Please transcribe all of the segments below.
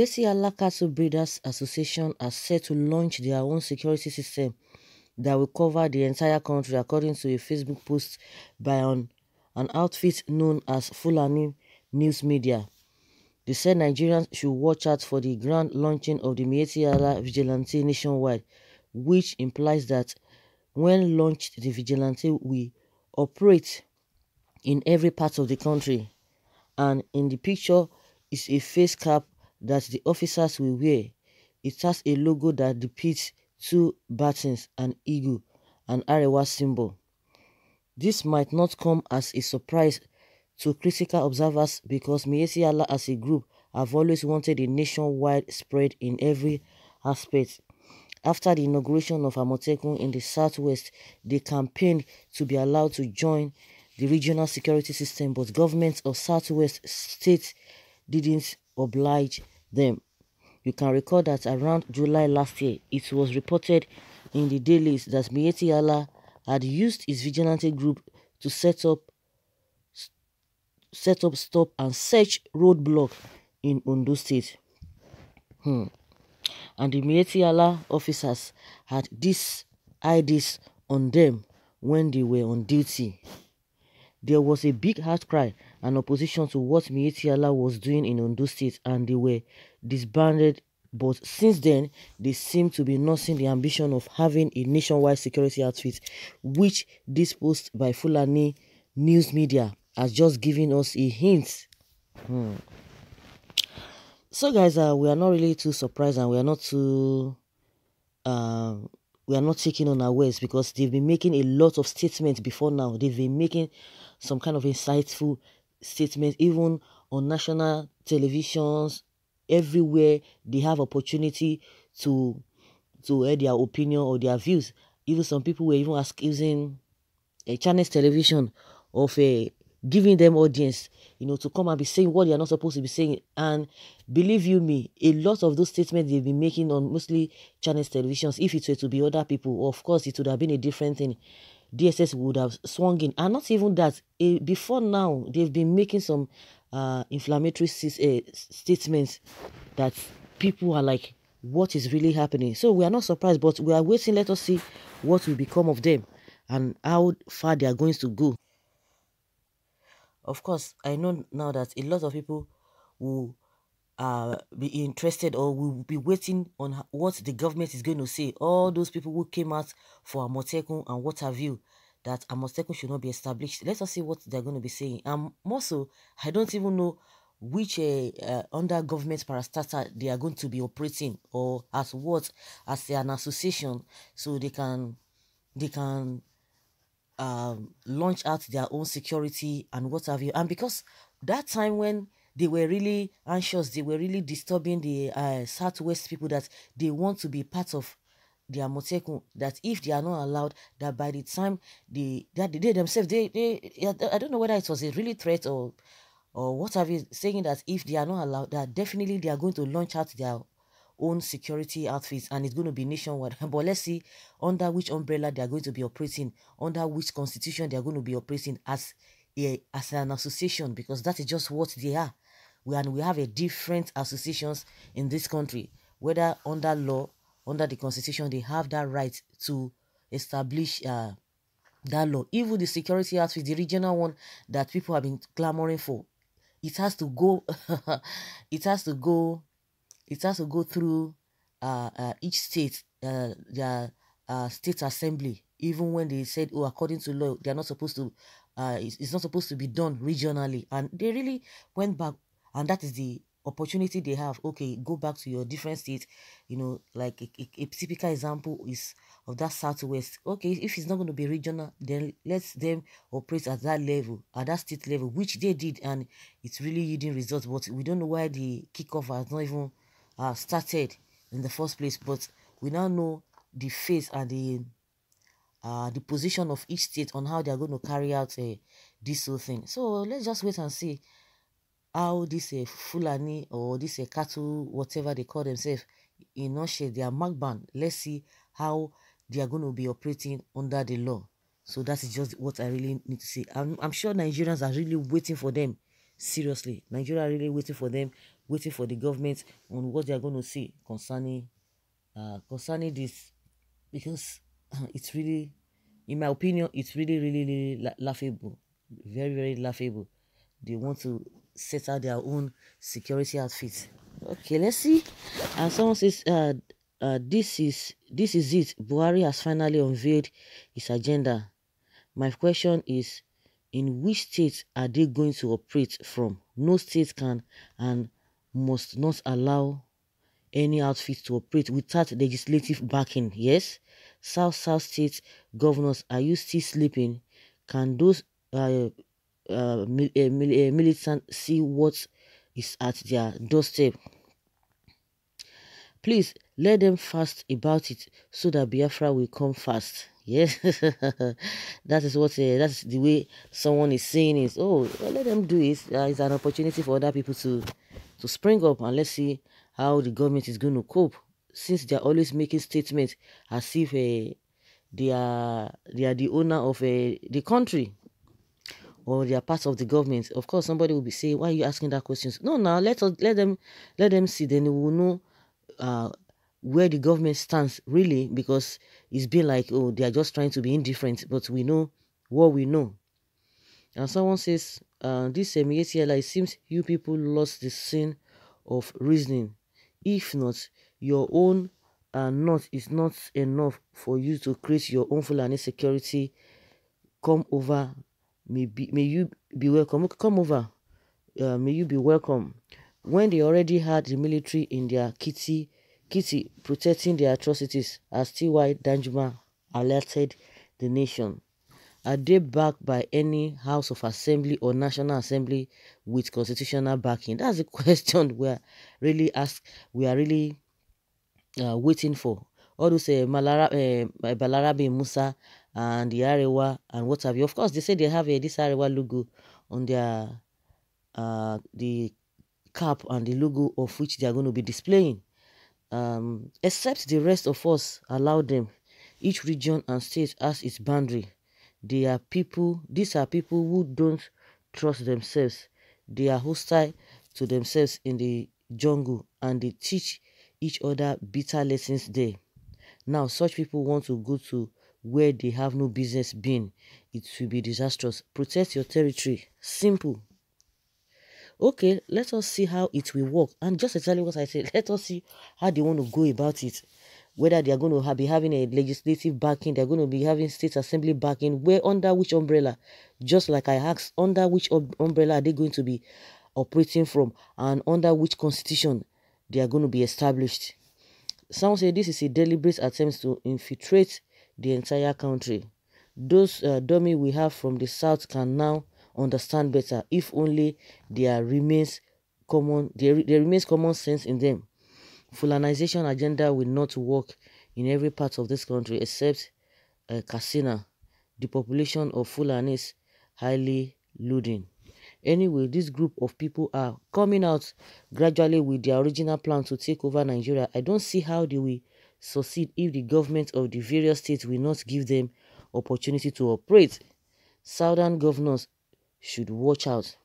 Oyesi Allah Breeders Association are set to launch their own security system that will cover the entire country according to a Facebook post by an, an outfit known as Fulani News Media. They said Nigerians should watch out for the grand launching of the Mietiala Vigilante nationwide, which implies that when launched, the Vigilante will operate in every part of the country. And in the picture is a face cap that the officers will wear. It has a logo that depicts two buttons, an eagle, and Arewa symbol. This might not come as a surprise to critical observers because Miesi as a group have always wanted a nationwide spread in every aspect. After the inauguration of Amotekun in the southwest, they campaigned to be allowed to join the regional security system, but governments of southwest states didn't oblige them. You can recall that around July last year, it was reported in the dailies that Mieti Allah had used his vigilante group to set up set up stop and search roadblock in Ondo State. Hmm. And the Mieti Allah officers had these IDs on them when they were on duty. There was a big outcry and opposition to what Mietiala was doing in Ondo State and they were disbanded but since then they seem to be nursing the ambition of having a nationwide security outfit which this post by Fulani news media has just given us a hint. Hmm. So guys, uh, we are not really too surprised and we are not too uh, we are not taking on our words because they've been making a lot of statements before now. They've been making some kind of insightful statements, even on national televisions, everywhere they have opportunity to to air their opinion or their views. Even some people were even accusing a eh, Chinese television of a eh, giving them audience you know, to come and be saying what you are not supposed to be saying. And believe you me, a lot of those statements they've been making on mostly Chinese televisions, if it were to be other people, of course, it would have been a different thing. DSS would have swung in. And not even that, before now, they've been making some uh, inflammatory uh, statements that people are like, what is really happening? So we are not surprised, but we are waiting. Let us see what will become of them and how far they are going to go. Of course, I know now that a lot of people will uh, be interested or will be waiting on what the government is going to say. All those people who came out for Amotekun and what have you, that Amotekun should not be established. Let us see what they're going to be saying. And also, I don't even know which uh, uh, under government parastatal they are going to be operating or as what as an association so they can they can um, launch out their own security and what have you. And because that time when they were really anxious, they were really disturbing the uh, Southwest people that they want to be part of their Motekun, that if they are not allowed, that by the time they, that they themselves, they, they, I don't know whether it was a really threat or or what have you saying that if they are not allowed that definitely they are going to launch out their own security outfits and it's going to be nationwide. But let's see under which umbrella they are going to be operating, under which constitution they are going to be operating as a as an association, because that is just what they are. We and we have a different associations in this country, whether under law, under the constitution, they have that right to establish uh, that law. Even the security outfit, the regional one that people have been clamoring for, it has to go it has to go it has to go through uh, uh, each state, uh, their uh, state assembly, even when they said, oh, according to law, they are not supposed to, uh, it's, it's not supposed to be done regionally. And they really went back, and that is the opportunity they have. Okay, go back to your different states. You know, like a, a, a typical example is of that southwest. Okay, if it's not going to be regional, then let them operate at that level, at that state level, which they did, and it's really yielding results. But we don't know why the kickoff has not even uh, started in the first place, but we now know the phase and the uh, the position of each state on how they are going to carry out uh, this whole thing. So let's just wait and see how this uh, Fulani or this uh, cattle, whatever they call themselves, in Nushe, they are magban. Let's see how they are going to be operating under the law. So that is just what I really need to see. I'm, I'm sure Nigerians are really waiting for them. Seriously, Nigeria are really waiting for them waiting for the government on what they are going to see concerning uh, concerning this because it's really in my opinion it's really really, really la laughable very very laughable they want to set out their own security outfits okay let's see and someone says uh, uh, this is this is it buhari has finally unveiled his agenda my question is in which states are they going to operate from no state can and must not allow any outfit to operate without legislative backing. Yes, South South State governors, are you still sleeping? Can those uh, uh, mil uh, mil uh, militants see what is at their doorstep? Please let them fast about it so that Biafra will come fast. Yes, that is what uh, eh, that's the way someone is saying is. Oh, well, let them do it. Uh, it's an opportunity for other people to to spring up, and let's see how the government is going to cope. Since they are always making statements as if uh, they are they are the owner of uh, the country or they are part of the government. Of course, somebody will be saying, "Why are you asking that questions?" No, now let us let them let them see. Then we will know uh, where the government stands really because it's been like oh they are just trying to be indifferent but we know what we know and someone says uh, this MEATLI it seems you people lost the sin of reasoning if not your own uh, not is not enough for you to create your own and security come over may, be, may you be welcome come over uh, may you be welcome when they already had the military in their kitty Kitty, protecting the atrocities as Ty Danjuma alerted the nation. Are they backed by any House of Assembly or National Assembly with constitutional backing? That's the question we are really ask. We are really uh, waiting for. All those uh, Malara, uh, Balarabi Musa and the Arewa and what have you. Of course, they say they have a uh, this Arewa logo on their uh, the cap and the logo of which they are going to be displaying um, except the rest of us allow them. Each region and state has its boundary. They are people, these are people who don't trust themselves. They are hostile to themselves in the jungle and they teach each other bitter lessons there. Now, such people want to go to where they have no business being. It will be disastrous. Protect your territory. Simple okay let us see how it will work and just exactly what i said let us see how they want to go about it whether they are going to be having a legislative backing they're going to be having state assembly backing where under which umbrella just like i asked under which um, umbrella are they going to be operating from and under which constitution they are going to be established some say this is a deliberate attempt to infiltrate the entire country those uh, dummy we have from the south can now understand better if only there remains common there, there remains common sense in them. Fulanization agenda will not work in every part of this country except uh, Katsina. The population of Fulanis is highly looting. Anyway, this group of people are coming out gradually with their original plan to take over Nigeria. I don't see how they will succeed if the government of the various states will not give them opportunity to operate. Southern governors should watch out.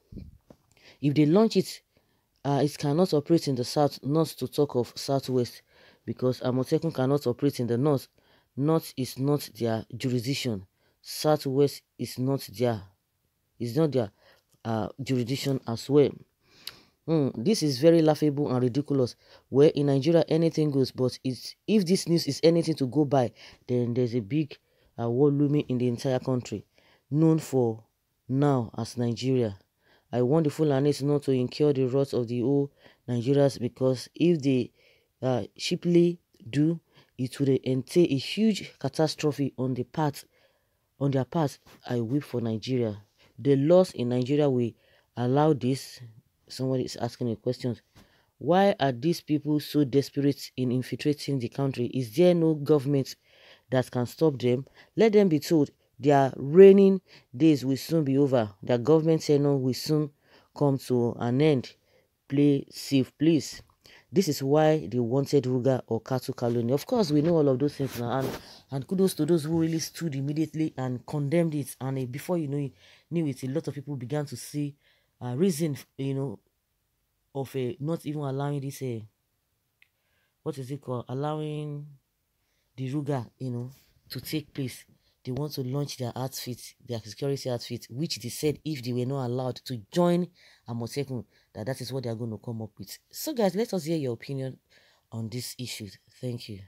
If they launch it, uh, it cannot operate in the south, not to talk of southwest, because Amotekun cannot operate in the north. North is not their jurisdiction. Southwest is not their, is not their uh, jurisdiction as well. Mm, this is very laughable and ridiculous. Where in Nigeria anything goes, but it's, if this news is anything to go by, then there's a big uh, war looming in the entire country, known for now, as Nigeria, I want the Fulani not to incur the wrath of the old Nigerians because if they uh, cheaply do, it would entail a huge catastrophe on the part. On their part, I weep for Nigeria. The laws in Nigeria will allow this. Somebody is asking a question. Why are these people so desperate in infiltrating the country? Is there no government that can stop them? Let them be told their reigning days will soon be over. Their government tenure will soon come to an end. Play safe, please. This is why they wanted Ruga or Katu Kaloni. Of course, we know all of those things now. And, and kudos to those who really stood immediately and condemned it. And uh, before you know it, knew it, a lot of people began to see a uh, reason, you know, of uh, not even allowing this, uh, what is it called? Allowing the Ruga, you know, to take place they want to launch their outfit, their security outfit, which they said if they were not allowed to join Amotekun, that that is what they are going to come up with. So guys, let us hear your opinion on this issue. Thank you.